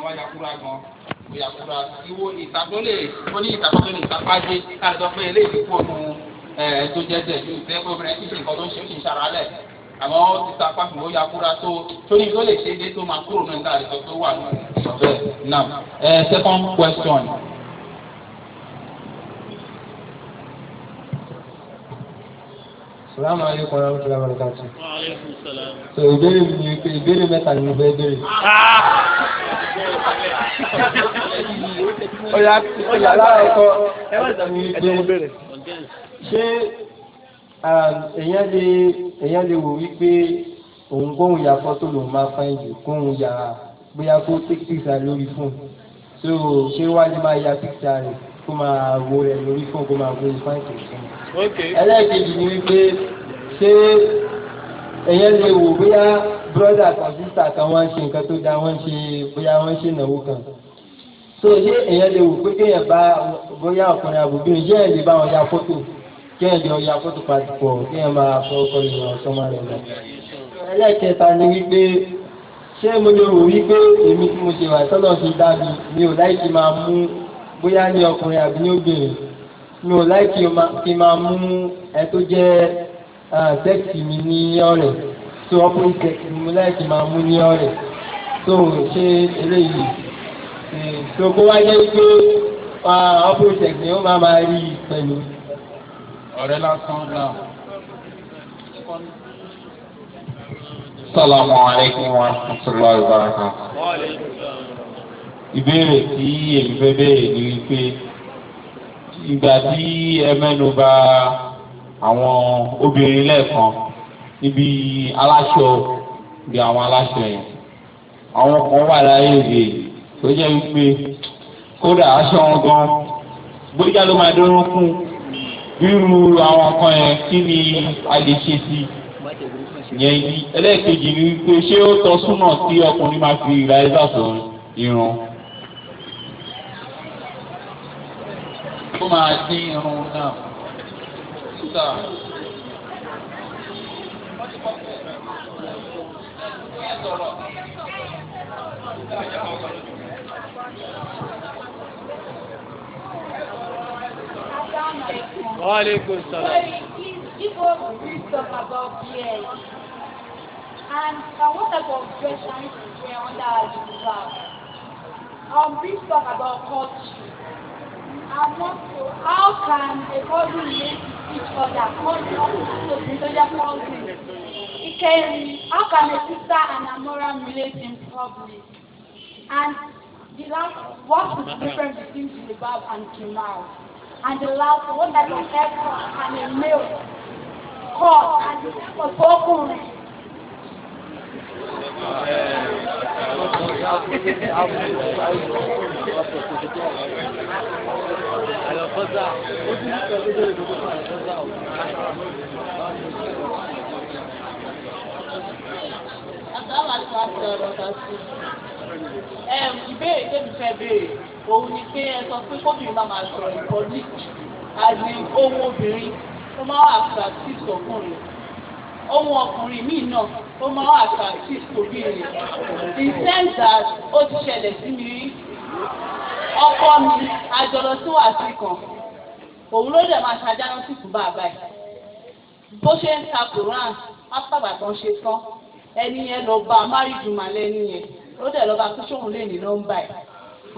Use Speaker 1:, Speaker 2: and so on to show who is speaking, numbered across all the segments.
Speaker 1: èèyàn wá yakura gan kò yakura iwo ìtàkùnlé oní ìtàkùnlé ìtàkùnlé káàdọ̀ pé eléyìí kú ọmọ ẹ̀ tó jẹ́ tẹ̀ ju ìtẹ́kùn obìnrin tí nǹkan tó ń ṣe ó sì ń ṣara lẹ̀ àmọ́ ti ta apá kùn ó yakura tó tó ní tó lè ṣe é dé tó máa kúrò náà nígbà àdìsọ́ tó wà ní ìṣọ̀fẹ́ náà. second question. Assalamu alaikum warahmatullahi wabarakatuh.
Speaker 2: Wa alaikum salam.
Speaker 1: So ìbéèrè mi ni pé ìbéèrè mẹ́ta ni mo fẹ́ béèrè. Ọ̀yà ọ̀yà aláàkọ́ ẹ̀wọ̀n ni pé ṣé um, èèyàn lè èèyàn lè wò wípé òun kóhun ya fọ́tò lòun máa fa ìjù kóhun ya bóyá kó píkítà lórí fóònù. So ṣé wá ní máa ya píkítà rẹ̀? kó máa wo ẹ lórí fún kó máa
Speaker 2: wo ìfáìn tó sùn. ẹlẹ́ẹ̀kejì ni wípé ṣé
Speaker 1: ẹ̀yẹ́ lè wò bóyá brọ́dà kan sísà kan wọ́n ń ṣe nǹkan tó dáa wọ́n ń ṣe bóyá wọ́n ń ṣe ìnáwó kan. so ṣé ẹ̀yẹ́ lè wò pé kéèyàn bá bóyá ọkùnrin àbòbìnrin ṣé ẹ̀ lè bá wọn ya fọ́tò kéèyàn jọ ya fọ́tò pàtìpọ̀ kéèyàn máa fọ́kọ́ ìrìn ọ̀sán máa rẹ̀ lọ. ẹlẹ́ẹ̀kẹta ni wípé ṣé mo lè rò wípé èmi tí mo ṣe wà sọ́dọ̀ ṣe dábì mi ò láì bóyá ní ọkùnrin àbí ní obìnrin mi ò láì kí n máa mú ẹ tó jẹ́ sẹ́ẹ̀sì mi ní ọ̀rẹ́ tó ọkùnrin sẹ́ẹ̀sì mi mo láì kí n máa mú ní ọ̀rẹ́ tó ṣe eléyìí tó kó wá jẹ́ pé ọkùnrin sẹ́ẹ̀sì ó máa máa
Speaker 2: rí i pẹ̀lú. ọ̀rẹ́ lásán náà. السلام عليكم ورحمة الله وبركاته ìbéèrè tí èmi fẹ́ béèrè ni wípé ìgbà
Speaker 3: tí ẹ mẹ́nu bà àwọn obìnrin lẹ́ẹ̀kan
Speaker 1: níbi aláṣọ bí àwọn aláṣọ yẹn àwọn kan wà láyé èdè tó jẹ́ wípé kódà aṣọ wọn gan bóyá ló máa dúró fún bírú àwọn kan yẹn kí ni a lè ṣe sí
Speaker 2: i yẹn ẹlẹ́ẹ̀kejì ni wípé ṣé ó tọ́ súnà tí ọkùnrin máa fi ìlà ẹ̀dá sọ̀rọ̀ irun. kó máa dín irun náà sísá. Waalaikum salam.
Speaker 3: People talk about fear. And uh, what type of oppression is there under the Islam? Um, please talk about culture. How can a cousin relate to each other? It can, how can a sister and a mother relate in public? And the last, what is the difference between jilbab and kimal? And the last, what type of effort can a male cause and
Speaker 2: ọkùnrin? Thank you àlọ́kọ́sà ó ti ń sọ pé tó lè dókòó fún àlọ́kọ́sà
Speaker 3: ò ìbéèrè tẹ́mi fẹ́ béèrè òun ni pé ẹ sọ pé kóbìnrin máa máa sọ̀rọ̀ ìkọ́lí àti ohun obìnrin ó máa wà àṣà tí ìsọkùnrin ohun ọkùnrin míì náà ó máa wà àṣà tí ìsọkùnrin in sense that ó ti ṣẹlẹ̀ sí mi rí ọkọ mi àjọlọ sí wàásù kan òun ló dẹ̀ máa ṣàjánu sí kùbà báyìí bó ṣe ń ta koran ápàgbà kan ṣe tán ẹni yẹn lọ bá márìjùmọ̀ lẹ́nu yẹn ó dẹ̀ lọ́ba tó ṣóun lè ní nọ́mbà ẹ̀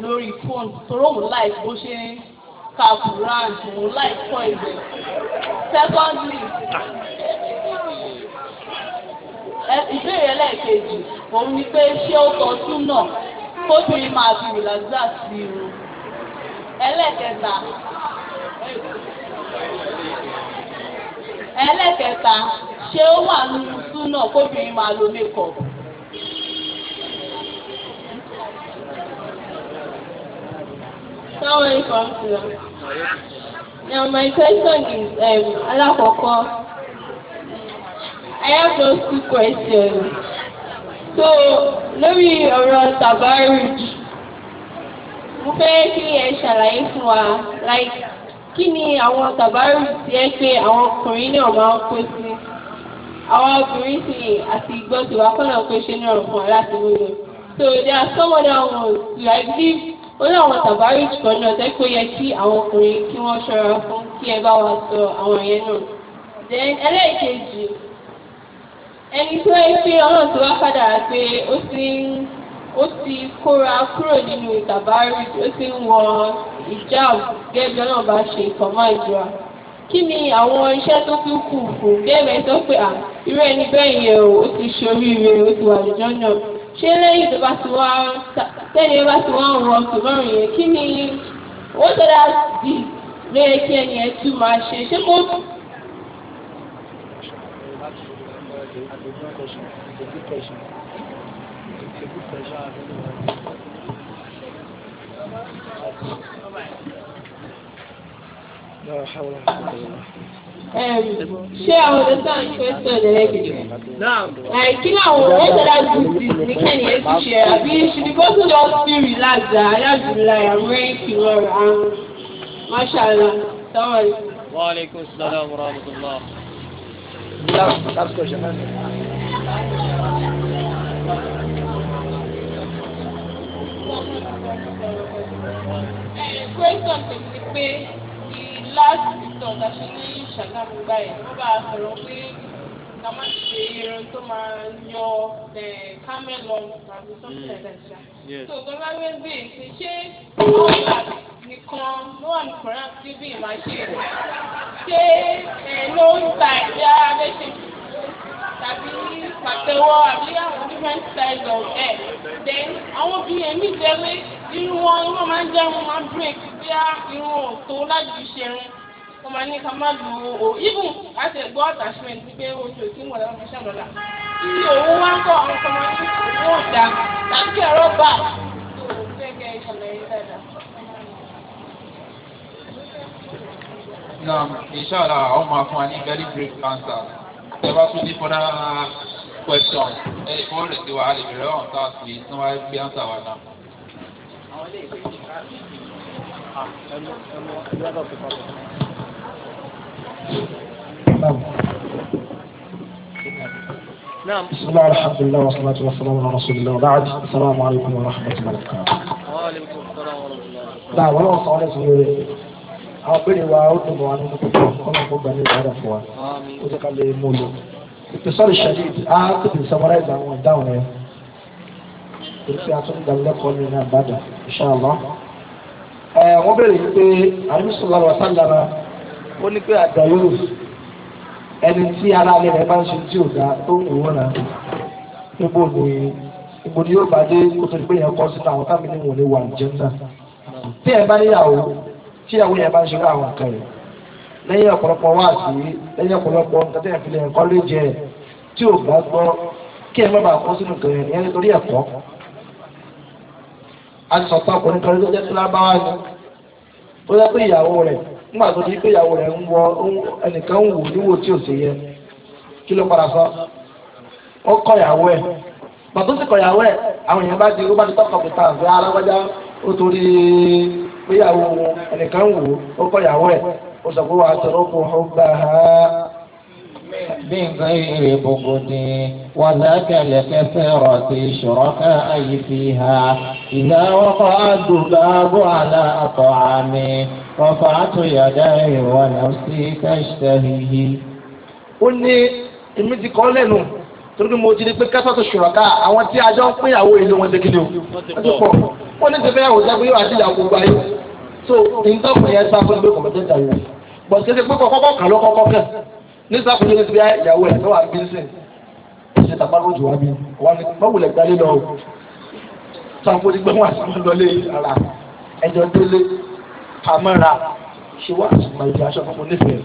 Speaker 3: lórí fóònù toró òun láì bó ṣe ń ka koran òun láì kọ́ ibẹ̀ secondly
Speaker 2: ìbéèrè ẹlẹ́ẹ̀kejì òun ni pé ṣé ó tọ́ sún náà kóbìnrin máa fi
Speaker 3: relaxa sí irun ẹlẹ́kẹta
Speaker 2: ẹlẹ́kẹta ṣé ó wà nínú
Speaker 3: súnà kóbìnrin máa lo makeup.
Speaker 2: Sáwọn ikọ̀ Now my question is um, alákọ̀ọ́kọ́
Speaker 3: I have those two questions so lórí ọ̀rọ̀ tabarij mo fẹ́ kí ẹ ṣàlàyé fún wa like kí ni àwọn tabarij tí ẹ pé àwọn ọkùnrin náà máa ń kó sí àwọn obìnrin sì àti ìgbọ́ tí wàá kọ́nà pé ṣe ní ọ̀rọ̀ fún wa láti wúlò so there are some other ones like this ó ní àwọn tabarij kan náà tẹ́ pé ó yẹ kí àwọn ọkùnrin kí wọ́n ṣọ́ra fún kí ẹ bá wa sọ àwọn yẹn náà then ẹlẹ́ẹ̀kejì ẹni tó ẹ pé ọlọ́run tó wá padà pé ó ti ń ó ti kóra kúrò nínú tàbárì ó ti ń wọ ìjáàb gẹ́gẹ́ bí ọlọ́run bá ṣe ìfọ̀mọ́ ìjọra kí ni àwọn iṣẹ́ tó tún kù fún bẹ́ẹ̀ sọ pé à irú ẹni bẹ́ẹ̀ yẹn o ó ti ṣoríire ó ti wà lọ́jọ́ náà ṣé lẹ́yìn tó bá ti wá tẹ́lẹ̀ bá ti wá ń rọ tòmọ́rùn yẹn kí ni ó tọ́lá dì lóye kí ẹni ẹ tún máa ṣe ṣé kó
Speaker 2: Okay. That's a good question. It's a good question. It's a good question. ṣé àwọn ọ̀dọ́sán ìfẹ́sọ̀ lẹ́lẹ́gbẹ̀ẹ́ like kí làwọn ẹ̀sẹ̀ láti ní kẹ́ni ẹ̀ ti ṣe àbí ṣùgbọ́n kí wọ́n
Speaker 3: fi rí lájà aláàbùlà àwọn èkì lọ́rọ̀ àwọn mashallah.
Speaker 2: Wa alaikum salaam wa rahmatullah last, last question. Question is the
Speaker 3: last ìtàn láti ní ìṣàlámù is yẹn wọ́n bá sọ̀rọ̀ pé ká má ṣe irun tó máa camel lung something like that. So gbọ́dọ̀ wẹ́ bí ṣe ṣé ọ̀la nìkan ló wà ní kọ̀ọ̀rán tí ṣé ẹ̀ ló ń ta ìyá léṣe tàbí pàtẹ́wọ́ àbí àwọn different styles of hair then àwọn obìnrin èmi jẹ́wé irun wọn irun máa ń jẹ́ wọn máa ń break bí á irun ò tó láti ṣerun wọ́n máa ní ká má lu o even láti ẹ̀gbọ́ attachment pé oṣù tí wọ́n lọ́wọ́ ṣàlọ́lá
Speaker 2: tí òun wá kọ́ àwọn ọmọ ní òun ò ẹ̀rọ bá a. Now, inshallah, àwọn máa fún wa ní very brief
Speaker 1: answer. Ṣé bá tún for fọ́nà question? Ẹ lè fọ́ọ̀rẹ̀ sí wa, a lè bẹ̀rẹ̀ ọ̀hún sáà sí tí wọ́n answer wa náà.
Speaker 2: Àwọn ilé ìgbé ti ká sí ẹ̀mú ẹ̀mú ẹ̀mú ẹ̀dọ̀
Speaker 1: نعم بسم الله والحمد لله والصلاة والسلام على رسول الله وبعد السلام عليكم ورحمة الله وبركاته
Speaker 2: وعليكم السلام ورحمة الله وبركاته والله
Speaker 1: صلى الله àwọn péré wa ó dùn wọn nínú púpọ̀ ọlọ́run kó gbà ní ìbára fún wa ó jẹ́ ká lè mú lò ìpèsọ́lù ṣẹlẹ̀ á tètè sọmọ́rá ìgbà wọn dáhùn rẹ̀ torí pé a tún dánilẹ́kọ̀ọ́ ní ní àbádà inshallah wọ́n bèrè wípé àdúgbò wa sálàmà ó ní pé àdàlúrò ẹni tí ara rẹ̀ rẹ̀ bá ń ṣe tí ò dá tó ń wò náà níbo ni níbo ni yóò bá dé kó tó di pé yẹn kọ́ sínú àwọn tábìlì wọn lè wà ní jẹ́ńdà tí ẹ bá níyàwó tí àwọn èèyàn bá ń ṣeré àwọn nǹkan rẹ̀ lẹ́yìn ọ̀pọ̀lọpọ̀ wáàsí lẹ́yìn ọ̀pọ̀lọpọ̀ nǹkan tẹ́yà fi lè nǹkan ló jẹ tí ò bá gbọ́ kí ẹ má bàa kó sínú nǹkan yẹn ìyẹn nítorí ẹ̀kọ́ a sọ pé ọkùnrin kan ló jẹ́ tó lábáwá ni tó jẹ́ pé ìyàwó rẹ̀ nígbà tó di pé ìyàwó rẹ̀ ń wọ ẹnìkan ń wò níwò tí ò sì yẹ kí ló padà sọ ó kọ ìyàwó ẹ̀ bàtó sì kọ ìyàwó ẹ̀ àwọn èèyàn bá di ó bá di tọkọ ìgbéyàwó wọn ẹnìkan wò ó kọ ìyàwó ẹ̀ ó sọ pé wàá tọrọ kó ó gbà á. bí nǹkan ìrè gbogbo di wọn lákàlẹ kẹfẹ rọtì ìṣòro ká ayé fi ha ìdá ọkọ àdùgbà bó àlà àtọ àmì ọkọ àtúnyàdá ìwọ náà sí káṣíṣẹ́hìhì. ó ní èmi ti kọ́ lẹ́nu torí mo ti di pé kásọ̀tò ṣùràká àwọn tí a jọ ń pín ìyàwó ìlú wọn ṣe kí ni o wọ́n ti pọ̀ wọ́n ní ti fẹ́ àwòjá pé yóò àti ìyàwó gbogbo ayé so nǹkan yẹn sáfún gbé kọ̀mọ̀tẹ́ntà yẹn bọ̀ ṣe ṣe pé kọ́kọ́ kàn ló kọ́kọ́ kàn ní sáfún yẹn ti bí ìyàwó ẹ̀ tó wà bí sí ṣe tàbá lójú wa bí wọn ni mọ́wùlẹ̀ gbalé lọ sáfún ti gbé wọn àtàwọn lọlé ara ẹjọ délé pamẹ́ra ṣe wá àtùmọ̀ ìdí aṣọ fún onífẹ̀ẹ́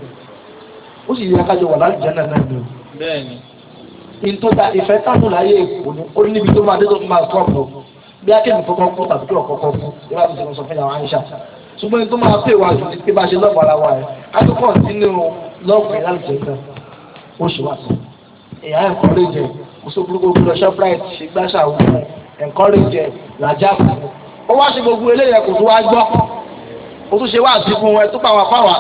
Speaker 1: ó sì yẹ kájọ wà láti jẹ́ náà náà
Speaker 2: ni
Speaker 1: o ntọ́ta ìfẹ́ tánù láyé èkó ni ó níbi tó máa dé tó máa kọ́ ọ̀pọ̀ bí ṣùgbọ́n ètò máa pè wá ju ti bá ṣe lọ́ọ̀bù ara wa rẹ̀ á tó sínú lọ́ọ̀bù yẹn láti jẹ́ kan oṣù wa sọ èyà ẹ̀ńkọ́rẹ́jẹ oṣù burúkú lọ shoprite ṣe gbáṣà wù ẹ̀ńkọ́rẹ́jẹ làjà fún un ó wá ṣe gbogbo eléyẹ kò tó wá gbọ́ ó tún ṣe wá àdínkù wọn ẹ̀ tó pàwọn àpáwà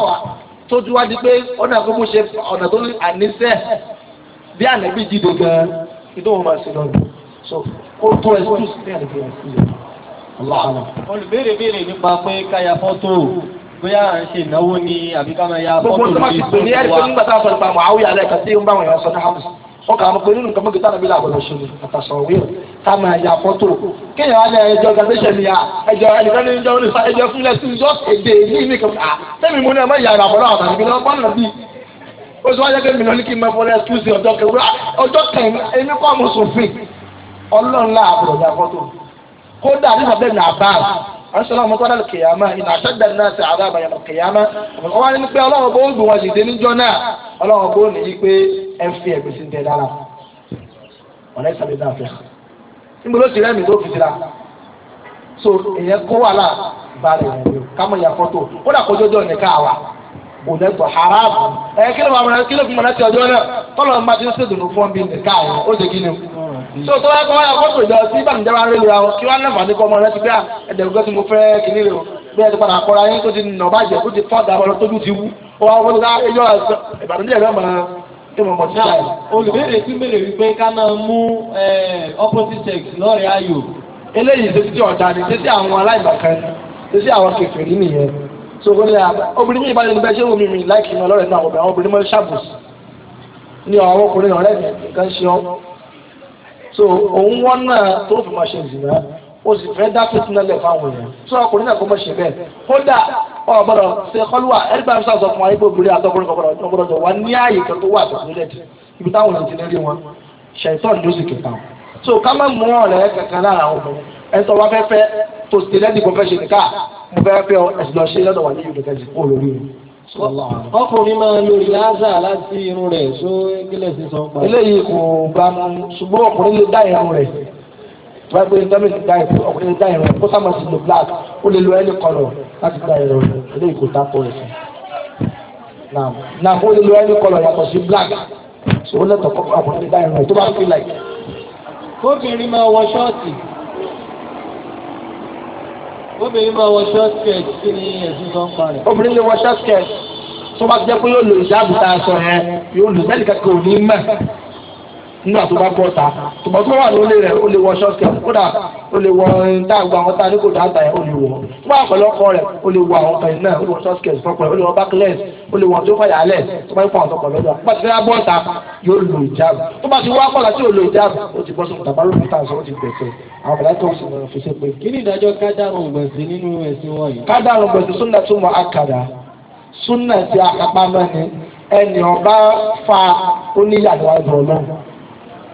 Speaker 1: tó tún wá di pé ọ̀nà àkókò ṣe ọ̀nà tó ní àníṣẹ́ bí ṣe lọ́dún so ó tó ẹ̀ sí ní àdìgbò olùbéèrè béèrè nípa pé káyà fọ́tò bóyá à ń ṣe ìnáwó ni àbí ká máa ya fọ́tò lórí ìṣòro wa. gbogbo tó bá ti pè ní ẹni pé nígbà tá a sọ nípa màáwí alẹ́ kan tí ó ń bá àwọn èèyàn sọ ní hàmùs wọ́n kà á mọ̀ pé nínú nǹkan mọ́gìtá nàbí làbọ̀dọ̀ ṣe àtàṣọ òwe ká máa ya fọ́tò kéèyàn alẹ́ ẹjọ́ gàdéṣẹ́ ni ẹjọ́ ẹnìkan ní ìjọ oníṣà ẹjọ́ fúnlẹ̀ sí ìjọ èdè ní ìmí kan tẹ́mi mo ní ẹ má yàrá àbọ̀dọ̀ àtàkùn náà pọ́nlọ́ bíi ó sọ wáyé pé mi lọ ní kí n máa fọlẹ́ ẹ̀kúsì ọjọ́ kẹwàá ọjọ́ kẹyìn ẹni kọ́ mo sòfin ọlọ́run láàbùrọ̀ ìyá fọ́tò kódà ní abẹ́ ní abá asọ́nà ọmọ kọ́dà kìyàmá ìnà na náà ti àdá àbàyàn lọ kìyàmá ọmọ wa ní pé ọlọ́run bó gbìn wọn dìde níjọ́ náà ọlọ́run bó nìyí pé tó tó bá kọ́ wáyà kótó ìjọ sí ìbànújẹ́ wa rẹ̀ lera wọn kí wọ́n lẹ́fà ní kọ́ ọmọ rẹ ti pé à ah, ẹ̀dẹ̀gbẹ́ tí mo fẹ́ kiri rẹ̀ o bí ẹ ti padà kọ́ra yín tó ti nà bàjẹ́ tó ti fọ́ dàbọ̀ lọ tójú ti wú ó wá wọ́n ká ẹjọ́ ìbànújẹ́ rẹ̀ máa olùbéèrè tí mèrè wípé ká máa mú opposite sex lọ́rẹ̀ẹ́ ayò. eléyìí ṣe ti ọ̀dà ni ṣe ti àwọn aláìmọ̀kan ṣe ti àwọn kèfèrí nìyẹn so ó lè obìnrin ní ìbálẹ̀ nígbà ṣé omi mi láìkì mi ọlọ́rẹ̀ náà obìnrin obìnrin mọ́ ṣàbùsù ní ọ̀rọ̀ ọkùnrin ọ̀rẹ́ mi kan ṣe ọ́ so òun wọ́n náà tó fi máa ṣe ìsìn náà ó sì fẹ́ dá tó túnlẹ̀ lẹ̀ fáwọn èèyàn tó ọkùnrin náà kó mọ̀ ṣe bẹ́ẹ̀ kódà ọ̀gbọ́dọ̀ ṣe kọ́lùwà ẹgbẹ́ àmì sàṣọ fún ayégbò obìnrin àtọkùnrin kọ̀ọ̀kan ọ̀gbọ́dọ̀ jọ wá ní ààyè kan tó wà àtọkùnrin ibi táwọn èèyàn ti lè rí wọn ṣàìtọ́ ni ó sì kẹta wọn. so ká má mú ọ̀rẹ́ kankan lára àwọn ọmọ ẹ sọ wá fẹ́fẹ́ tó sì lẹ́dí kò fẹ́ ṣe nìka mo fẹ́ fẹ́ ẹ̀sìn lọ ṣe lọ́dọ̀ wà ní ìlú kẹjì kó lórí mi ọkùnrin máa lo ìlàzà láti irun rẹ̀ só kílẹ̀ sí sọ pa. eléyìí kò bá mu ṣùgbọ́n ọkùnrin lè dá irun rẹ̀ wọ́n gbé ìdámẹ́ ti dá irun ọkùnrin lè dá irun rẹ̀ kó sábà sí lo black ó lè lo ẹni kọlọ̀ láti dá irun rẹ̀ eléyìí kò dápọ̀ rẹ̀ sí. náà ó lè lo ẹni kọlọ̀ yàtọ̀ sí black ṣòwò lẹ́tọ̀ọ́ ọkùnrin lè dá irun rẹ̀ tó bá fi láì.
Speaker 2: kóbìnrin máa wọ ṣọ́ọ̀tì obìnrin máa wọ short skirt kí ni ẹ̀sùn tó ń parẹ̀. obìnrin lè wọ short skirt
Speaker 1: tó bá jẹ́ pé yóò lo ìjáàbù tá yẹn yóò lò bẹ́ẹ̀ nígbà tó bá kọta tùmọ̀ tó wà lólè rẹ̀ ó lè wọ ṣọ́ọ̀kẹ̀ kódà ó lè wọ dáàgbà eh, àwọn táà ní kò dáàtà ẹ̀ ó lè wọ nígbà ọ̀pọ̀lọpọ̀ rẹ̀ ó lè wọ àwọn kan náà ó lè wọ ṣọ́ọ̀kẹ̀ fọ́pọ̀ ó lè wọ bákílẹ̀s ó lè wọ tó fàyà alẹ̀ tó bá ń fa ọ̀tọ̀kọ̀ lọ́dọ̀ nígbà ti wá kọ́lá tí ọba fa oníyàwó àjọ náà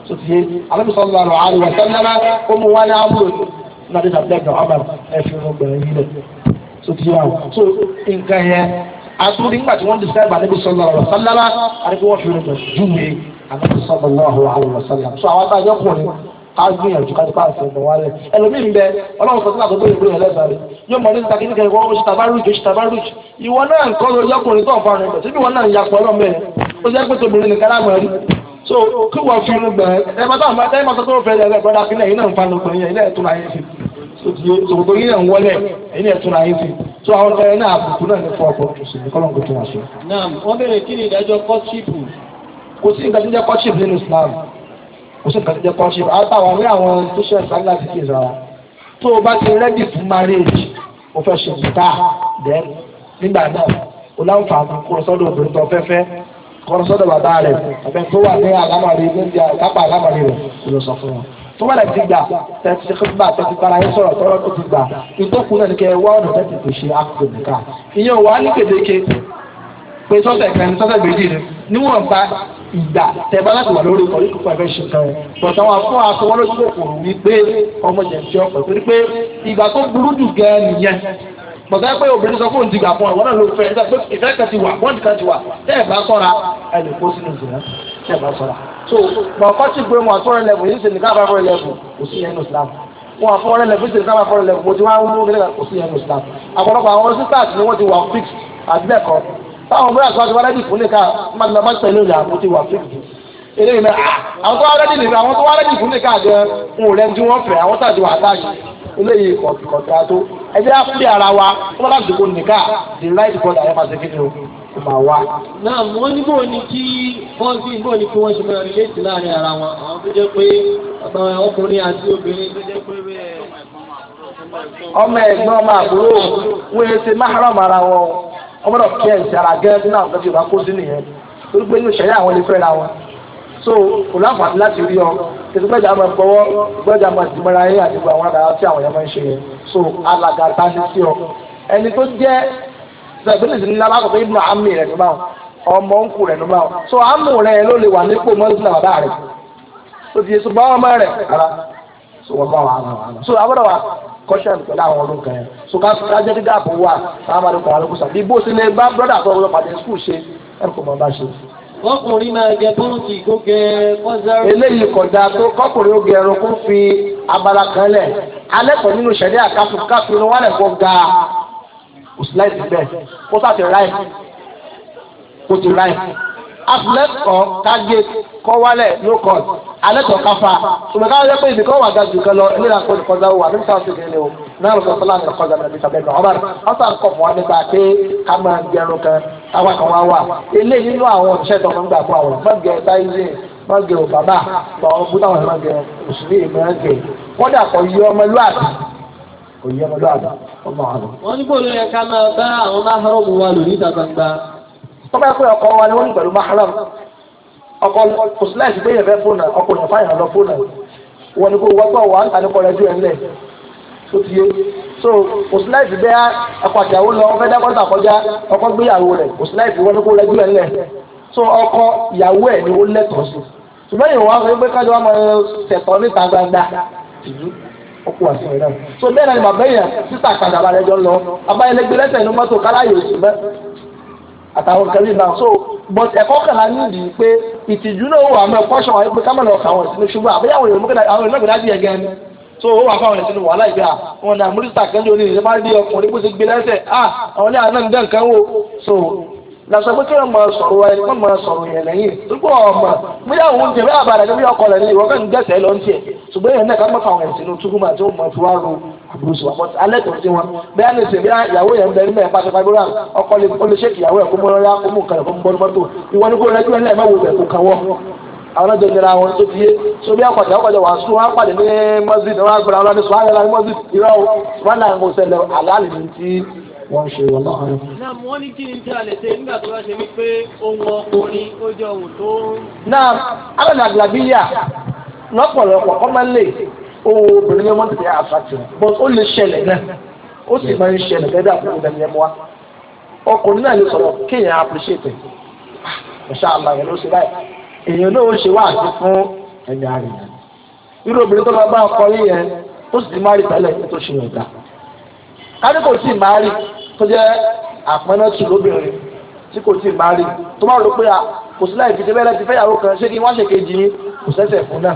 Speaker 1: tó ti yé alábùsọ̀lá rọ̀ àríwá sẹ́lẹ̀mà ó mú wá ní àbúrò náà dídà bẹ́ẹ̀ náà ọmọ ẹ̀fìn ọgbẹ̀rẹ̀ yìí lẹ̀ tó ti yé àwọn tó nǹkan yẹn àtúndì nígbà tí wọ́n ti sẹ́gbà alábùsọ̀lá rọ̀ sẹ́lẹ̀mà àríwá wọ́n fi rẹ̀ bẹ̀ júwe alábùsọ̀lá rọ̀ àríwá sẹ́lẹ̀mà so àwọn àtàjọ kùnrin ká gbìyànjú ká ti pa àṣẹ ìgbọ̀n wálẹ̀ ẹlòmíì bẹ ọlọ́run sọ sílẹ̀ àtọ́tọ́ ìgbó yẹn lẹ́sàá rẹ̀ yóò mọ̀ nípa kí nìkan ìwọ́n oṣù tabarúj oṣù tabarúj ìwọ náà ń kọ́ lórí ọkùnrin tó ń fa ọ̀rẹ́ bẹ̀ náà ń yakọ̀ ọlọ́mọ ẹ̀ ó jẹ́ pé tóbi nìkan so kí wọ́n fanu gbẹ̀ ẹ bá táwọn ẹ máa sọ pé ó fẹ́ ẹ bọ́dá sílẹ̀ yìí náà ń fanu gbẹ̀ yẹn ilé ẹ̀tún ayé sí sòkòtò yìí náà ń wọlé ẹ̀yìn ẹ̀tún ayé sí so àwọn ọ̀rọ̀ ẹ̀ náà àbùkù náà ní fọ́ ọ̀pọ̀ tòṣì ní kọ́lọ́ǹkó tó wà sí. naam wọ́n béèrè kí ni ìdájọ́ kọ́ṣíìpù. kò sí nǹkan tí ń jẹ́ kọ́ṣíìpù nínú Islam kò sí nǹkan tí ń jẹ́ kọ́ṣíìpù àtàwọn àwọn àwọn tó ṣe ẹ̀sán láti o bá o fẹ́ ṣe ìta dẹ́n nígbà náà o láǹfààní kọ́rọ́ sọ́dọ̀ bàbá rẹ̀ ẹ̀bẹ̀ tó wà ní àlámàrí níjà kápá àlámàrí rẹ̀ ló sọ fún wọn. tó bá dàbí gbà tẹ̀sí kíkọ́ tẹ̀sí para yín sọ̀rọ̀ tọ́rọ́ tó ti gbà ìtòkùn náà ní kẹ́ wá ọ̀nà tẹ̀sí tó ṣe ákùnkùn nìkan. ìyẹn wà á ní gbèdéke pé sọ́sẹ̀ kan ní sọ́sẹ̀ méjì ni níwọ̀n bá ìgbà tẹ̀bá láti wà lórí ìkọ̀rí kópa ẹ̀fẹ́ ṣe kan rẹ̀ bọ̀tà wọn fún aṣọ wọn lójú kòkòrò wípé ọmọ jẹ̀ ń ṣe ọ̀pọ̀ torí pé ìgbà tó burú jù gan nìyẹn kọ̀tà pé obìnrin sọ fóun ti gbà fún ọ náà ló fẹ́ ẹgbẹ́ ti wà bọ́ọ̀dì kan ti wà tẹ́ bá sọ́ra ẹ kó sínú ìsìn náà bá sọ́ra. so bàbá tí gbé wọn àtọ́rẹ́ lẹ́fù yìí sì ní káàbà fọ́rẹ́ lẹ́fù kò sí ẹnu Islam wọn àfọwọ́rẹ́ lẹ́fù sì ní káàbà fọ́rẹ́ lẹ́fù mo ti wá wúlò nílẹ̀ kò sí ẹnu Islam àpọ̀lọpọ̀ àwọn sisters ni wọ́n ti wà fix àti bẹ́ẹ̀ kọ́ táwọn ọmọ ìyàtọ̀ àti wàlẹ́dì fún nìkan máa máa tẹ̀lé ìlà mo ti wà fix eléyìí náà àwọn tó wà rẹ́dì nìkan àwọn tó wà rẹ́dì fún nìkan àjẹ ń rẹ́ ju wọ́n fẹ́ àwọn tàbí wà á táàgì eléyìí kọ̀tìkọ̀tà tó ẹjẹ́ a ara wa wọ́n láti kó nìkà the right God àyẹ̀ máa ṣe kí ni o kò máa wá. náà wọ́n ní bò ní kí wọ́n sí bò ní kí wọ́n ṣe máa láàrin ara wọn àwọn tó jẹ́ pé ọkùnrin àti obìnrin tó
Speaker 2: jẹ́ pé bẹ́ẹ̀. ọmọ ọmọ àbúrò
Speaker 1: wọ́n ṣe ara wọn ọmọdé so kò láǹfààní láti rí ọ tètè gbẹ́jà máa gbọ́wọ́ gbẹ́jà máa ti mọ́ra yín àti gbogbo àwọn àdáyà tí àwọn yẹn máa ń ṣe yẹn so alàgà ta ni sí ọ ẹni tó jẹ́ sẹ̀bílìsì ńlá lákòókò ibùdó àmì rẹ̀ ló máa ọmọ ń kú rẹ̀ ló máa so àmì rẹ̀ ló lè wà nípò mọ́sílẹ̀ bàbá rẹ̀ so ti yẹsùn bá ọmọ rẹ̀ rárá so wọ́n bá wà hàn so àbúrò wa kọ́ṣẹ́ pẹ̀lú àwọn ọdún kan yẹn so ká jẹ́ dídá àbò wà sáà máa lè kọ́ àwọn olùkọ́sà bí bó ṣe lè bá brọ́dà tó ọlọ́pàá
Speaker 2: kọkùnrin máa jẹ bọ́ǹsì kó gẹ kọ́sáró. eléyìí kọjá tó
Speaker 1: kọkùnrin ó gẹ ẹrun kó fi abala kan lẹ̀ alẹ́ pọ̀ nínú ṣẹ̀lẹ̀ àkáfù káfíń wọn lẹ̀ kọ́ ga òsínláìsì bẹ́ẹ̀ kó sáfì ráì kó ti ráì àfúlẹ́kọ̀ọ́ kágé kọ́ wálẹ̀ no cost alẹ́tọ̀ káfa ṣùgbọ́n káwọn yẹ pé ibi kọ́ wà ga jù kan lọ ilé náà kó kọjá wà ní sáà sókè ni o náà lọ́sọ̀ fọlá ní kọjá nàbí sàbẹ̀ ní ọmọ rẹ̀ wọ́n sàn kọ̀ fún wa nípa pé ká máa jẹun kan táwa kan wá wà ilé nínú àwọn òṣìṣẹ́ tó máa ń gbà fún àwọn mọ́gẹ́ táyé mọ́gẹ́ ò bàbá àwọn búdà wọn mọ́gẹ́ ọkọ kò sí láìsí pé yẹn fẹ́ fóònù ọkùnrin fáyà lọ fóònù wọn ni kò wọ́pọ̀ wà á ní kọ́rẹ́ ju ẹ̀ ńlẹ̀ tó ti yé so kò sí láìsí bẹ́ẹ̀ ọkọ àtìyàwó lọ fẹ́ dákọ́tà kọjá ọkọ gbéyàwó rẹ̀ kò sí láìsí wọn ni kò rẹ́ ju ẹ̀ ńlẹ̀ so ọkọ ìyàwó ẹ̀ ni ó lẹ́tọ̀ọ́ sí ṣùgbọ́n ìwọ wa sọ pé kájọ wa máa tẹ̀tọ́ níta gbangba tìjú ọkọ àti ìrẹ́ so bẹ́ẹ̀ náà ni bàbá yẹn sísà kàdàbà rẹ̀ jọ lọ abáyẹlẹgbẹ lẹ́sẹ̀ ní mọ́tò káláyò sí bẹ́ẹ̀ àtàwọn kan yìí so but ẹ̀kọ́ kan la níbi pé ìtìjú náà wà mọ́ ẹ̀kọ́ ṣọ̀wọ́n pé kámẹ́lì ọ̀kà àwọn ìsinmi ṣùgbọ́n àbẹ́yẹ àwọn èèyàn mọ́kànlá àwọn ìlọ́gbẹ̀dá bí ẹ̀gẹ́ ni so ó wà fáwọn ìsinmi wàhálà ìgbà wọn náà mínísítà kan lórí ìṣẹ́ máa ń di ọkùnrin bó ti gbé lẹ́sẹ̀ ah àwọn ilé àná nǹkan kan wò so lọ́sọ pé kí wọ́n máa sọ̀rọ̀ wa ẹni wọ́n máa sọ̀rọ̀ yẹn lẹ́yìn dúpọ̀ ọmọ bóyá òun tẹ̀ bẹ́ẹ̀ àbàdàn bí ọkọ̀ rẹ̀ ní ìwọ́n kàn ń gbẹ̀sẹ̀ lọ́ntì ẹ̀ ṣùgbọ́n yẹn náà ká mọ́ta àwọn ẹ̀sìn ló túkú máa tí mọ̀ tí wàá ro àbúrò sí wa bọ́t alẹ́ tó sí wọn bẹ́ẹ̀ ni sèmi ìyàwó yẹn bẹ́ẹ̀ níbẹ̀ pátápátá bóyá ọkọ lè ó lè ṣe ìyàwó yẹn kó mọ́ lọ́yà kó mú nǹkan rẹ̀ kó mú ìwọ ni kó rẹ́jú ẹ̀ lẹ́ẹ̀ mẹ́wò bẹ̀ kó kàn wọ́ àwọn ọjọ́ ìlera wọn tó fi yé so bí àkọ́jà wà sùn wọn pàdé ní mọ́síd wọn gbọ́dọ̀ àwọn ọlọ́dún sùn wọn yẹn mọ́síd irọ́ wọ́n ṣe wọn náà.
Speaker 2: náà wọ́n ní kí ni tí a lè ṣe nígbà tó bá ṣe wípé ohun ọkùnrin ó jẹ́ ohun tó. náà alẹ́ nàgbàgbé
Speaker 1: lọ́pọ̀lọpọ̀ ọmọ lè owó obìnrin yẹn wọ́n ti tẹ̀ àfàtì but ó lè ṣẹlẹ̀ náà ó sì máa ń ṣẹlẹ̀ gẹ́gẹ́ àbúrò ìdàmì ẹ̀mú wa ọkùnrin náà lè sọ̀rọ̀ kéèyàn appreciate ẹ̀ṣá àlàyé ah, ló ṣe báyìí èèyàn náà ó ṣe wá àti fún ẹ̀yà rẹ̀ irú obìnrin tó bá bá ọkọ yìí yẹn ó sì ti má rí tẹ́lẹ̀ tó ṣe yàn dá kárí kò tí ì má rí tó jẹ́ àpẹẹrẹ tù lóbìnrin tí kò tí ì má rí tó má rò pé kò sí láì fi ṣe bẹ́ẹ̀ láti fẹ́yàwó kan ṣé kí wọ́n ṣèkejì kò sẹ́sẹ̀ fún náà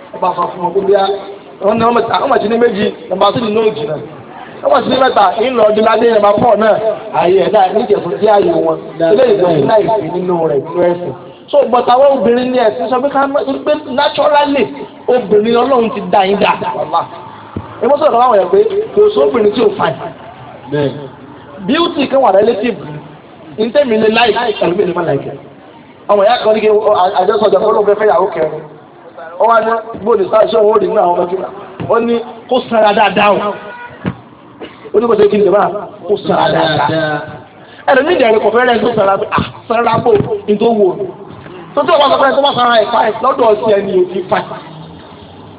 Speaker 1: ọba afa fún wọn gbogbo ya wọn ní ọmọ ọmọ tí ní méjì ọba tó ní nóòjì náà ọmọ tí ní mẹ́ta ìlọ ọdún ládé ẹ̀ máa pọ̀ náà ààyè ẹ̀ náà ní ìjẹ̀fún sí ààyè wọn ilé ìgbọ̀nsí náà ìfì nínú rẹ̀ nínú ẹ̀sìn so but àwọn obìnrin ní ẹ̀sìn sọ pé ká pé naturally obìnrin ọlọ́run ti dá yín dá ẹ mọ́ sọ̀rọ̀ àwọn ẹ̀ pé kò sóbìnrin tí ò fà beauty kan wà relative ntẹ́mi lè láì ẹ̀rọ mi lè má láì kẹ́ ọmọ ìyá kan ní kí àjọsọ̀jọ̀ oh, fọlọ́ọ̀fẹ́ fẹ́ yàwó kẹrin ó wá ní gbòdì sáà ṣé òun ò rí nínú àwọn ọmọ kíkà ó ní kó sanra dáadáa o ó ní kó ṣe kí n jẹba kó sanra dáadáa ẹnu ní ìdẹ̀rẹ̀ kò fẹ́ rẹ̀ tó sanra pé ah sanra bò ní tó wò tó tó wọ́n sọ pé tó bá sanra ẹ̀fà ẹ̀ lọ́dọ̀ ọ̀sẹ̀ ẹni ò ti fa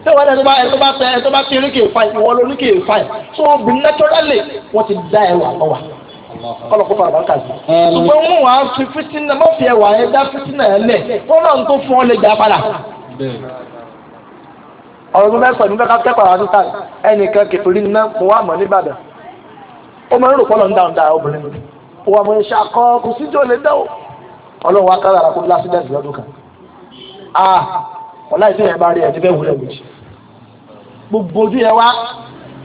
Speaker 1: tó wọ́n ẹni tó bá tẹ ẹni tó bá ti rí kèé fa ìwọ ló kèé fa tó obìnrin naturally wọ́n ti dá ẹwà lọ́wà kọlọkọ fún àbáńkà sí. ṣùgbọ́n mú wàá fi fitinà má fi ẹwà ẹ dá fitinà ẹ lẹ̀ kọ́ńtà tó fún ọ lè gbà padà ọ̀rọ̀ mẹ́sàn ní kẹ́kọ̀ọ́ kẹ́kọ̀ọ́ àwọn sísá ẹnìkan kẹfìrí ní mọ́ wà mọ́ nìbàdàn ó mọ́ rò pọ́lọ̀ ń dáhùn dáa obìnrin ó wà mọ́ iṣẹ́ akọ kò sí tí lè dáwọ́ ọlọ́run wa kára àràkó lásìdẹ̀sì lọ́dún kan ah ọ̀la ìsìn yẹn bá rí ẹ̀jẹ̀ bẹ́ẹ̀ wúlẹ̀ méjì gbogbo ojú yẹn wá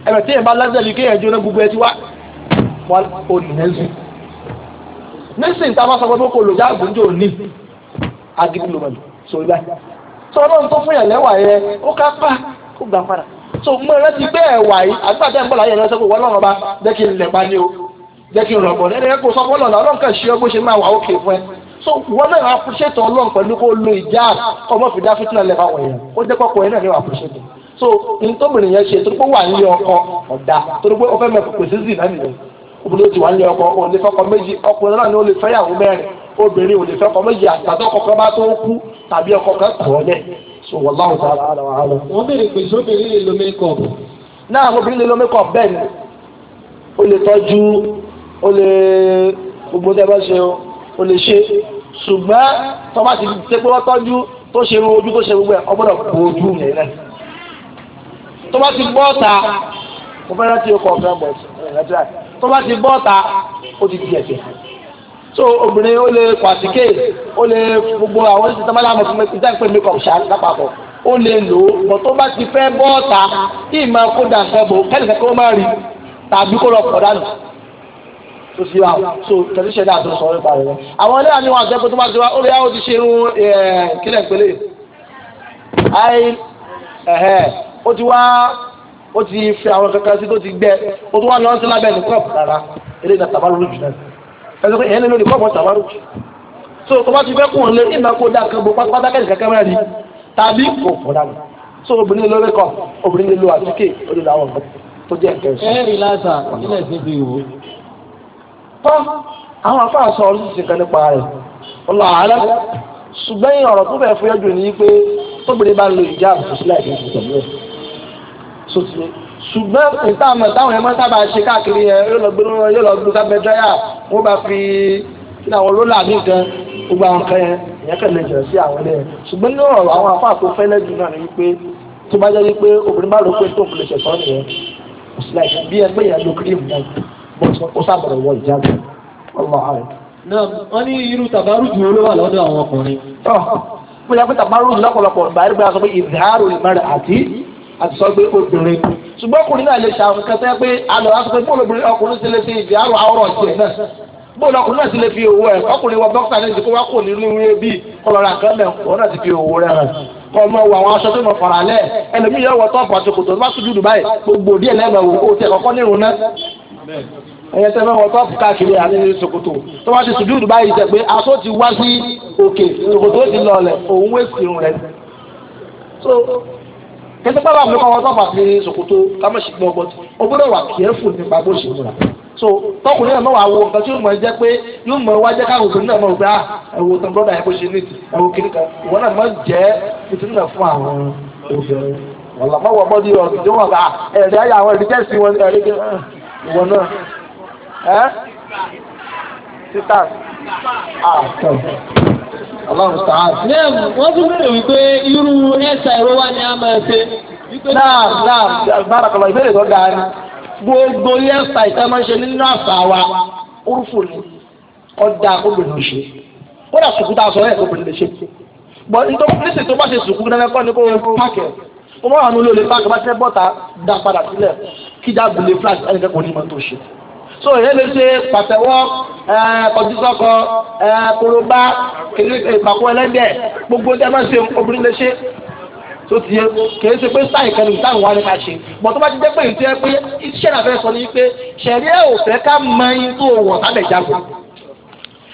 Speaker 1: ẹ̀rẹ̀ tí yẹn bá lásìdẹ̀lì kí yẹn jóná gbogbo ẹ wá wọn ò ní nẹ́sì sọ ọlọ́run tó fún yàn lẹ́wà yẹn ó ká pa kó gbà padà so mo rẹ ti gbé ẹ̀wà yìí àgbàdàn bọ̀lá yẹn lọ́sẹ̀ kó wọ́n lọ́rùn ọba jẹ́ kí n lẹ̀ pa ní o jẹ́ kí n rọ̀bọ̀ lẹ́nu ẹ̀kọ́ sọ fún ọlọ́run ọlọ́run kàn ṣe ọ ṣe máa wà ókè fún ẹ so wọn náà appreciate ọlọ́run pẹ̀lú kó lo ìjà ọmọ fìdá fìtínà lẹ́fà wọ̀nyẹn ó jẹ́ pọ́pọ́ yẹn appreciate so n tó mìíràn yẹn ṣe torípé wà nílé ọkọ ọ̀dà torípé ó fẹ́ mọ̀ pèsè sí ìlànà yẹn obìnrin ó ti wà nílé ọkọ òun obìnrin ò lè fẹ́ kọ́ méjì àtàtọ́ kọ́kọ́ bá tó kú tàbí ọkọ̀ kan tàn ọ́ lẹ̀ so wọ́n láwọn sára ara wa lọ. wọ́n béèrè pé sóbìnrin lè lo mékọ̀ọ̀bù. náà obìnrin lè lo mékọ̀ọ̀bù bẹ́ẹ̀ ni ó lè tọ́jú ó lè gbogbo tẹ́ bá ṣe ó lè ṣe ṣùgbọ́n tó bá ti ṣe pé wọ́n tọ́jú tó ṣe irun ojú tó ṣe gbogbo ẹ̀ ọ gbọ́dọ̀ bo ojú yẹn ó ti di ẹ̀jẹ̀ so obìnrin ó lè pàtíkè ó lè gbogbo àwọn ìṣẹ̀tàn máa láàmú fún mi jáde pé makeup ṣá lápapọ̀ ó lè lò ó bọ̀ tó bá ti fẹ́ bọ́ọ̀ta kí ìmọ̀ kó dà sọ bò kẹ́lẹ́kẹ́ kó má rí tàbí kó lọ pọ̀ dànù tó fi wá so tẹ̀lé ṣẹ̀dá àti sọ̀rọ̀ nípa rẹ̀ àwọn ilé àni wọn àti ẹ̀kọ́ tó bá ti wá ó lè yá ó ti ṣe irun kílẹ̀ ìpele ó ti wá ó ti fi àwọn kankan sí tó ti gbẹ ó ti wá lọ́ọ́ ẹ̀sọ́ ìyẹn lè lórí kọ́kọ́ sàwárò so tó bá ti fẹ́ kún un lé ìgbà kó dá kan bó pátákẹ́ nìkan kẹ́mẹ́rà ni tàbí kò fọ́nà ni so obìnrin lè lórí kọ́ obìnrin lè lo àtíkè orí làwọn ọ̀gbọ́n tó jẹ́ nǹkan ẹ̀sùn.
Speaker 2: ẹ̀rí lásà nílẹ̀
Speaker 1: sí ti wò. tọ́ àwọn afáà sọ oríṣiríṣi kan nípa rẹ̀ ọlọ àárẹ̀ ṣùgbọ́n ọ̀rọ̀ tó fẹ́ fúyẹ́ jù ní pé tóbìnrin bá lo ìjà àbùkù sílẹ̀ ìdí ṣùgbọ́n ìtààmọ̀ táwọn ẹ̀mọ́ sábà ṣe káàkiri yẹn yóò lọ gbóná yóò lọ gbó sábẹ́ dráyà wọ́n bá fi kí àwọn rólà ní nǹkan gbogbo àwọn nǹkan yẹn ìyẹn kẹ̀lẹ́ jẹ̀ sí àwọn ilé yẹn ṣùgbọ́n ní ọ̀rọ̀ àwọn afá tó jù náà ni wípé tó bá jẹ́ wípé obìnrin bá rò pé tó kùlẹ̀ ṣẹ̀tọ́ nìyẹn òsìláìsì bí ẹgbẹ́ yẹn lo kírìm náà bọ́t ó sábọ̀rọ̀ wọ ìjáde ọlọ́ ààrẹ. náà wọ́n ní irú tàbárù ju àti sọ pé obìnrin ṣùgbọ́n ọkùnrin náà lè ṣe àwọn nǹkan tẹ́ pé alọ̀ á sọ pé bóòlù obìnrin ọkùnrin ti lè ṣe ìdí àrò àwọ̀rọ̀ tiẹ̀ náà bóòlù ọkùnrin náà ti lè fi owó ẹ̀ ọkùnrin wọ dókítà ní ìdíkó wá kò nínú ilé bíi kọlọ́ra kan mẹ́ òun náà ti fi owó rẹ̀ hàn kọ́ ọmọ wo àwọn aṣọ tó mọ̀ fara lẹ̀ ẹlòmíì yọ wọ tọ́ọ̀pù àti kòtò tó bá tún dùdù báyìí gbogbo díẹ̀ lẹ́ẹ̀mọ̀ káàkiri àníní ṣòkòtò tó wá ti sùjúdù báyìí jẹ́ pé aṣọ ti wá sí òkè ṣòkòtò ti lọ̀ọ̀lẹ̀ òun wé sí irun rẹ̀ so kẹsí pàrọ̀ àmì kọ́ wọn tó fàtí ṣòkòtò kámẹ́sì gbọ́ ọgbọ́n ó gbọ́dọ̀ wà kẹ́ẹ̀fù nípa bó ṣe múra so tọkùnrin náà wà wo nǹkan tí yóò mọ̀ jẹ́ pé yóò mọ̀ wá jẹ́ káwọn òṣèlú náà mọ̀ gbá ah, ẹ̀wò tán brọ́dà ẹ̀kọ́ ṣe ní ẹ̀wò kiri kan ìwọ náà mọ̀ jẹ́ títún náà fún àwọn obìnrin wàlá mọ̀ wọ́n bọ́dí ọ̀sìn tí wọ́n bá ẹ̀rí Ọlọ́run sàn. Bẹ́ẹ̀ wọ́n tún bèrè wípé irú ẹ̀sà ìwé wa ni a máa ṣe. Náà náà bárakọ̀lọ̀ ìbéèrè tó dáa ni. Gbogbo ilé ẹ̀sà ìta máa ń ṣe nínú àṣà wa. Orúfò ni ọ̀dà obìnrin ṣe. Ó dà sùkúta aṣọ ẹ̀ obìnrin lè ṣe. Bọ̀ nítorí tó bá ṣe sùkúta náà kọ́ ni kó o pààkì ẹ̀. Ó máa wà ní olóòlè pààkì bá ṣe bọ́ta dá padà sílẹ̀ kí dáàbò lè flash ẹnìkẹ́kọ̀ọ́ ní so èyàn lè ṣe pàtẹ́wọ́ kọjúsọ́kọ korobá ìpàkó ẹlẹ́dẹ̀ gbogbo tẹ́ máa ṣe obìnrin lè ṣe tó ti yẹ kìí ṣe pé sáì kan nìta àwọn àríkà ṣe bọ̀ tó bá ti jẹ́ pé ìtẹ́ pé iṣẹ́ náà fẹ́ sọ ní pé ṣẹ̀rí ẹ̀ ò fẹ́ ká mọ in tó wọ̀ sábẹ̀ jago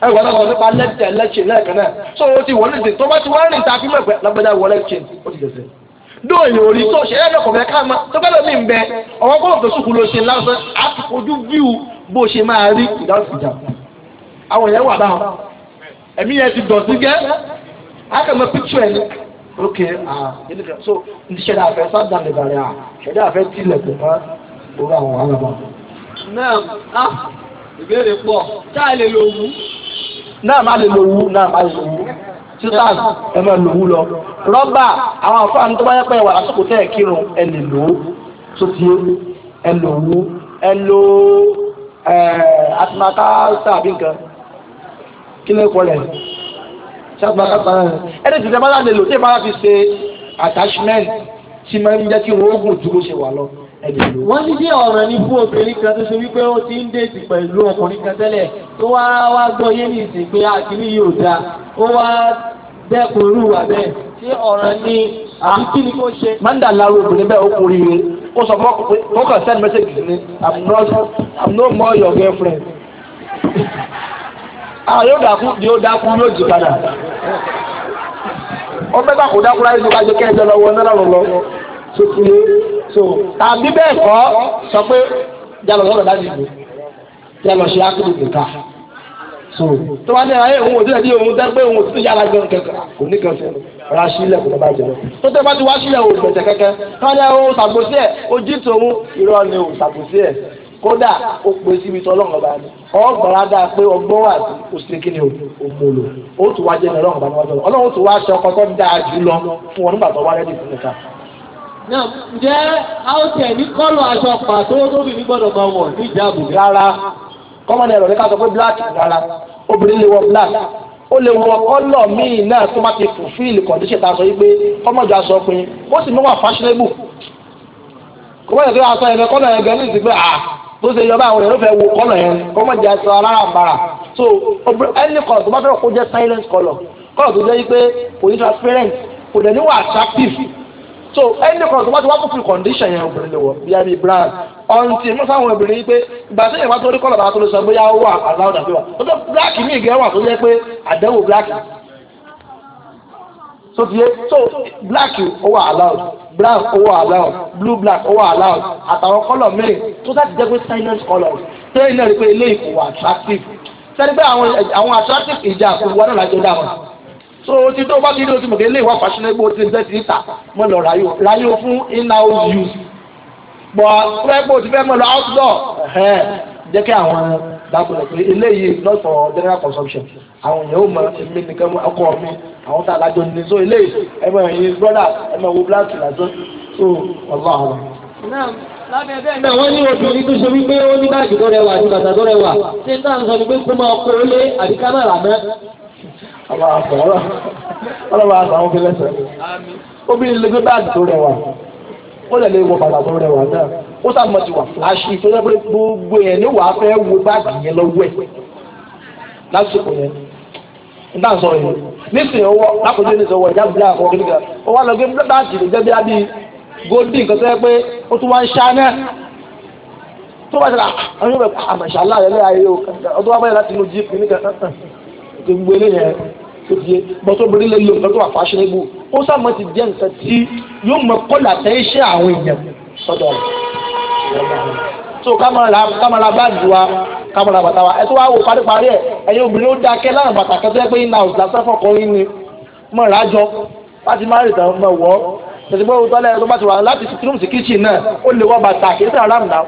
Speaker 1: ẹ wọ́n náà sọ nípa lẹ́tẹ̀ lẹ́tẹ̀ lẹ́ẹ̀kan náà so o ti wọlé ṣe tó bá ti wọ́n rìn ta fílẹ̀ pẹ́ lọ́gbẹ́dá wọlé ṣe ó ti dẹ̀sẹ̀ dóòyìn orí tó ṣe ẹlẹ́kọ̀ọ́ fẹ́ ká máa tó fẹ́ lómi ń bẹ ọ̀rọ̀ kó òfin sùkúrú ló ṣe lásán á ti fojú fíù bó ṣe máa rí ìdáhùn ìjà àwọn èèyàn wà báwọn ẹ̀mí yẹn ti dọ̀tí gẹ́ á kàn mọ píkṣọ ẹ̀ ní ok ah so ṣẹ̀dá àfẹ́ sáàdà nìbàrẹ̀ à ṣẹ̀dá àfẹ́ tilẹ̀ kò mọ́ orí àwọn alábà. náà ah, ìbéèrè pọ̀ táà lè lò wú. náà má lè lò wú náà má lè lò wú sisters ẹ máa lòwú lọ rọ́bà àwọn àfáàní tó bá yẹ pé wà lásìkò tẹ́ kírun ẹ lè tó ti ẹ lòwú ẹ lo atimaka nǹkan kí ló kọ rẹ̀ ṣé atimaka tàbí láti lò tí ìbára fi ṣe attachment tí máa ń jẹ́ kí wọ́n ó gùn ju ṣe wà lọ wọ́n ní bí ọ̀ràn ní fún obìnrin kan tó ṣe wípé ó ti ń déètì pẹ̀lú ọkùnrin kan tẹ́lẹ̀ tó wá wá gbọ́ yé ní ìsìn pé àkíní ah, yóò dáa ó wá dẹ́kun irú wà bẹ́ẹ̀
Speaker 3: ṣé ọ̀ràn ní
Speaker 1: àbí kí ni kó ṣe. manda laro obìnrin bẹ́ẹ̀ ó kú oríire ó sọ fún ọkùnrin ó kàn send message ni i'm not i'm no more your girlfriend. àwọn ah, yóò dákú yóò dákú yóò jì padà ó bẹ́ẹ̀ bá kó dákú láyé ló bá so tàbí bẹ́ẹ̀ kọ́ sọ pé jalọ sọ̀rọ̀ láti ìgbò jalọ ṣe ákùnrin nìka so tó wá ní ayé òun òdílẹ̀ ní òun dẹ́ pé òun òtún yára gan kẹkẹ kò ní kan fún ra sílẹ̀ kò bá jẹ tó tẹ́ bá ti wá sílẹ̀ òun bẹ̀tẹ̀ kẹ́kẹ́ tó wá ní ayé òun ṣàkóso ẹ̀ ojú tòun irọ́ ni òun ṣàkóso ẹ̀ kódà ó pè síbi tí ọlọ́run ọba ni ọgbọ̀n adá pé ọgbọ́n wà sí òsì kí ni òmòlò ó tún wá jẹ́ ní ọlọ́run ọba wọ́n sọ̀rọ̀ ọlọ́run tún wá aṣọ ọkọ̀ tó dáa jù lọ fún ọ nígbà tó wá rẹ́dì fún nìkan náà ǹjẹ́ a ó tẹ̀ ní kọ́lọ̀ aṣọ pàtó tóbi ní gbọ́dọ̀ máa wọ̀ ní ìjáàbù rárá kọ́mọ̀nà ẹ̀rọ ní ká sọ pé black rárá obìnrin lè wọ black ó lè wọ kọ́lọ̀ míì náà tó má ti fulfill condition tá a sọ wípé kọ́mọ̀jọ aṣọ pin ó sì mọ́wà fashionable kọ́mọ̀jọ tó aṣọ ẹ̀rọ kọ́lọ̀ ẹ̀gẹ́ ní ìsìnkú à tó ṣe yọba àwọn ẹ̀rọ fẹ́ wo kọ́lọ̀ yẹn kọ́mọ̀jọ aṣọ alárànbarà so any colour tó bá fẹ́ kó jẹ́ silent colour kọ́lọ̀ tó jẹ́ wípé kò ní transparent kò dẹ̀ ní wà attractive so ẹni kan tó bá ti wá fún condition yẹn obìnrin lè wọ bí i brand ọ̀ǹtì mú sáwọn obìnrin yìí pé ìgbà tí ìwà tó rí kọ́lọ̀ bá tó lè sọ bóyá ó wà aláwọ̀dà pé wà tó tó black ní ìgẹ́ wà tó yẹ pé àdẹ́wò black so ti yé so black ó wà allowed brown ó wà allowed blue black ó wà allowed àtàwọn kọ́lọ̀ mìíràn tó sáà ti jẹ́ pé silent colours tẹ́lẹ̀ náà rí pé ilé ìkòwò attractive sẹ́ni pé àwọn attractive ìjà kò wọ́n náà so o ti tó bá ti ní oṣù mọ̀gẹ́ ilé ìwà fàṣínà epo ti fẹ́ ti ta mọ́ lọ ráyò ráyò fún in-house use bọ̀ pẹ́pọ̀ ti fẹ́ mọ́ lọ outdoor ẹ̀hẹ́n jẹ́ kí àwọn dákùnrin pé eléyìí not for general consumption àwọn èèyàn ò mọ èmi nìkan ọkọ mi àwọn tá a lájọ ní so eléyìí ẹmọ ẹ̀yin brother ẹmọ wo black lásán so ọlọ́ àwọn.
Speaker 2: Náà wọ́n ní obìnrin tó ṣe wípé
Speaker 1: ó ní báàgì tó rẹwà àti bàtà tó rẹwà. Ṣé táà ń sọ ni pé kó máa kó lé àbíká náà rà mọ́? ọlọ́wọ́ àgbà wọn fi lẹ́sẹ̀ obìnrin lè gbé báàgì tó rẹwà ó lè lè wọ bàtà tó rẹwà náà ó sàmọ̀ ti wà fúláṣí tó lẹ́pẹ́ gbogbo ẹ̀ ní wàá fẹ́ wo báàgì yẹn lọ́wọ́ ẹ̀ lásìkò yẹn nígbà sọ yìí nísìnyí owó lápòjú ní sọ wọ ìjà bíi àwọn ọkùnrin kan ó wá lọ gbé báàgì tó jẹ́ bí abí gòdì nǹkan tó yẹ pé ó tún wá ń ṣá náà àwọn yóò bẹ̀ àmàṣà ah, ayé ọdún wa báyìí láti inú jíìpù nígbà gbogbo eléyẹn tó fi yé bọ́sọ̀bìnrin lè lo nǹkan tó wà fashionable ó sàmọ́ ti jẹ́ nǹkan tí yóò mọ kọ́lá tẹ́ iṣẹ́ àwọn èèyàn sọ́dọ̀ rẹ̀ so kámọ́ra báàgì wa kámọ́ra bàtà wa ẹ̀ tó wá wò paríparí ẹ̀ ẹ̀yin obìnrin ó dákẹ́ láàrin bàtà kan tó yẹ pé iná house lásán fọkùnrin ni mọ̀ rájọ láti má rìn tàn mọ̀ wọ́ tẹ̀sí pé òótọ́ lẹ́yìn tó bá ti wà láti sitting sí kitchen náà ó lè wọ́ bàtà kì í sàn ráàmù náà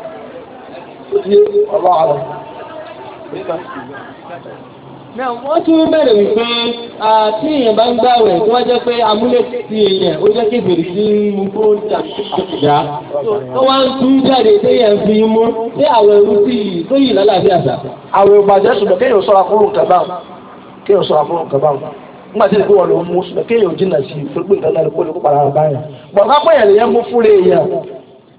Speaker 2: náà wọ́n tún bẹ̀rẹ̀ wípé tí èèyàn bá ń gbà rẹ̀ tí wọ́n jẹ́ pé amúlẹ̀ ti èèyàn ó jẹ́
Speaker 1: kébèrè sí mú kó dà dá tó wá ń tún jáde tí èèyàn fi mú tí àwọn ẹrú sí i tó yìí lálàáfíà sà. àwọn ìbàjẹ́ ṣùgbọ́n kéèyàn sọ akóró kaba kéèyàn sọ akóró kaba nígbà tí ìgbéwọ̀n ló mú ṣùgbọ́n kéèyàn jìnnà sí i tó gbé nǹkan náà kó ló para báyà bọ̀dá pé èèyàn mú fúnra èèyàn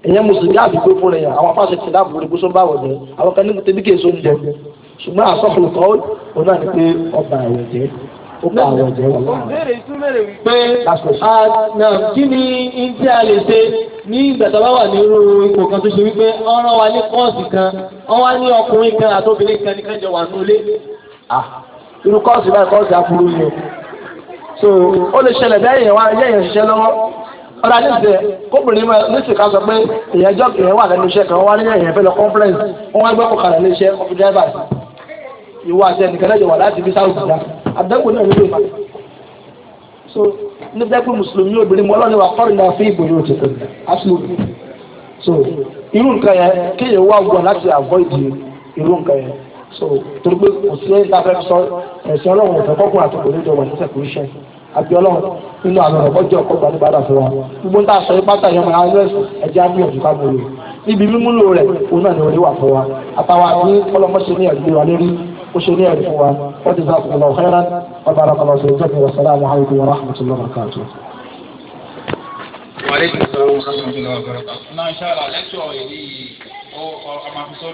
Speaker 1: èèyàn mùsùlùmí àdúgbò fúnra èèyàn àwọn afáṣẹ tìlábù rẹ̀ gbósọ́ báwọ̀ jẹ́ àwọn kan ní tẹ́bí kéèso ń jẹ ṣùgbọ́n àsọ̀kùnkọ́ òun náà ni pé ọba àwẹ̀ jẹ́ ọba àwẹ̀ jẹ́ wọn. pé àná kí ni tí a lè ṣe ní ìgbà tó bá wà ní irú ipò kan tó ṣe wípé ọ̀ràn wa ní kọ́ọ̀sì kan ọ̀wá ní ọkùnrin kan àtòbìnrin kan ní kẹjọ wà nílé. Ah, irú kọ́ọ̀sì báyìí kọ́ọ̀sì àfúrú ni o. so ó lè ṣẹlẹ̀ bẹ́ẹ̀ yẹn wá yẹ̀yẹ̀ ṣiṣẹ́ lọ́wọ́ ọ̀rọ̀ àdìsẹ̀ kóbìnrin mọ̀ nísì ká sọ pé èèyàn jọ́ èèyàn wà lẹ́nu iṣẹ́ kan wọ́n wá ní ẹ̀yàn fẹ́ lọ conference wọ́n wá gbẹ́ kọ̀kàrà lé iṣẹ́ kọ́fí drivers ìwọ àti ẹnìkan náà yọ wà láti bí sáwọ́ ìgbà àdẹ́kùn náà nílò ìgbà so níbẹ̀ pé mùsùlùmí obìnrin mọ́ lọ́nà wà kọ́rin náà fún ìbò yóò tètè absolutely so irú nǹkan yẹn kéèyàn wá gbọ́n láti avoid irú nǹkan yẹn so torí pé kò sí ẹni tá a fẹ́ sọ ẹ̀sìn ọlọ́run ọ̀fẹ́ kọ́kùn àti kò ní jọ wà ní sẹ́kù iṣẹ́ àbí ọlọ́run nínú àwọn ọ̀rọ̀ bọ́jọ́ ọkọ̀ gbà nígbàdà fún wa gbogbo níta sọ ipáta yẹn máa lọ ẹ̀jẹ̀ á gbìyànjú ká gbòòrò níbi mímúlò rẹ̀ òun náà ni orí wà fún wa àtàwọn àti ọlọ́mọṣẹ́ ní ẹ̀gbẹ́ wa lérí وشريع الإخوان وجزاكم الله خيرا وبارك الله في الجنة والسلام عليكم ورحمة الله وبركاته
Speaker 2: وعليكم السلام ورحمة الله وبركاته ما